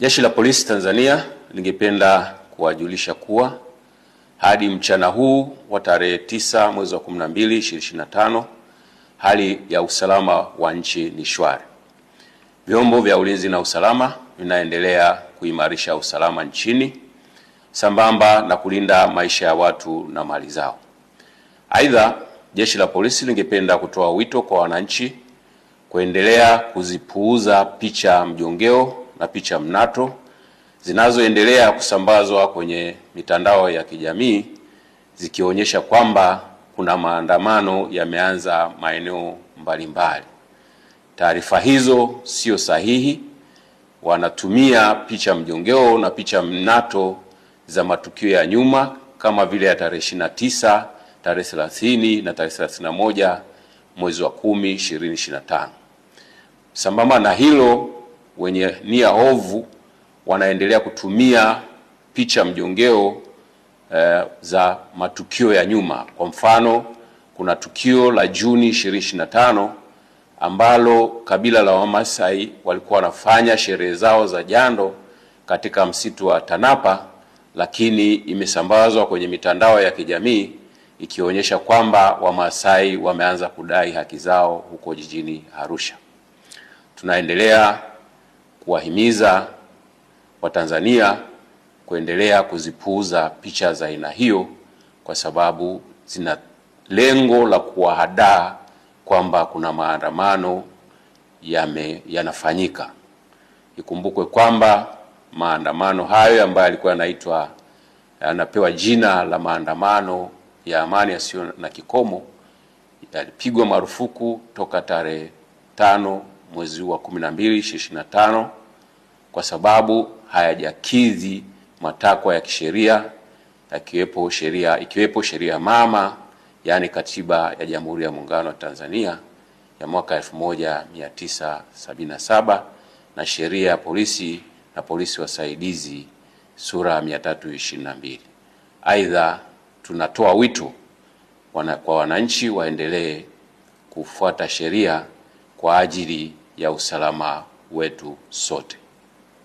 Jeshi la Polisi Tanzania lingependa kuwajulisha kuwa hadi mchana huu wa tarehe 9 mwezi wa 12 2025, hali ya usalama wa nchi ni shwari. Vyombo vya ulinzi na usalama vinaendelea kuimarisha usalama nchini sambamba na kulinda maisha ya watu na mali zao. Aidha, jeshi la polisi lingependa kutoa wito kwa wananchi kuendelea kuzipuuza picha mjongeo na picha mnato zinazoendelea kusambazwa kwenye mitandao ya kijamii zikionyesha kwamba kuna maandamano yameanza maeneo mbalimbali. Taarifa hizo sio sahihi. Wanatumia picha mjongeo na picha mnato za matukio ya nyuma kama vile ya tarehe 29, tarehe 30 na tarehe 31 mwezi wa 10 2025. Sambamba na hilo wenye nia ovu wanaendelea kutumia picha mjongeo eh, za matukio ya nyuma. Kwa mfano, kuna tukio la Juni 25 ambalo kabila la Wamasai walikuwa wanafanya sherehe zao za jando katika msitu wa Tanapa, lakini imesambazwa kwenye mitandao ya kijamii ikionyesha kwamba Wamasai wameanza kudai haki zao huko jijini Arusha. Tunaendelea kuwahimiza Watanzania kuendelea kuzipuuza picha za aina hiyo, kwa sababu zina lengo la kuwahadaa kwamba kuna maandamano yame yanafanyika. Ikumbukwe kwamba maandamano hayo ambayo yalikuwa yanaitwa yanapewa jina la maandamano ya amani yasiyo na kikomo yalipigwa marufuku toka tarehe tano mwezi huu wa 12 kwa sababu hayajakidhi matakwa ya kisheria yakiwepo sheria ikiwepo sheria mama yaani Katiba ya Jamhuri ya Muungano wa Tanzania ya mwaka 1977 na sheria ya polisi na polisi wasaidizi sura ya 322. Aidha, tunatoa wito wana, kwa wananchi waendelee kufuata sheria kwa ajili ya usalama wetu sote.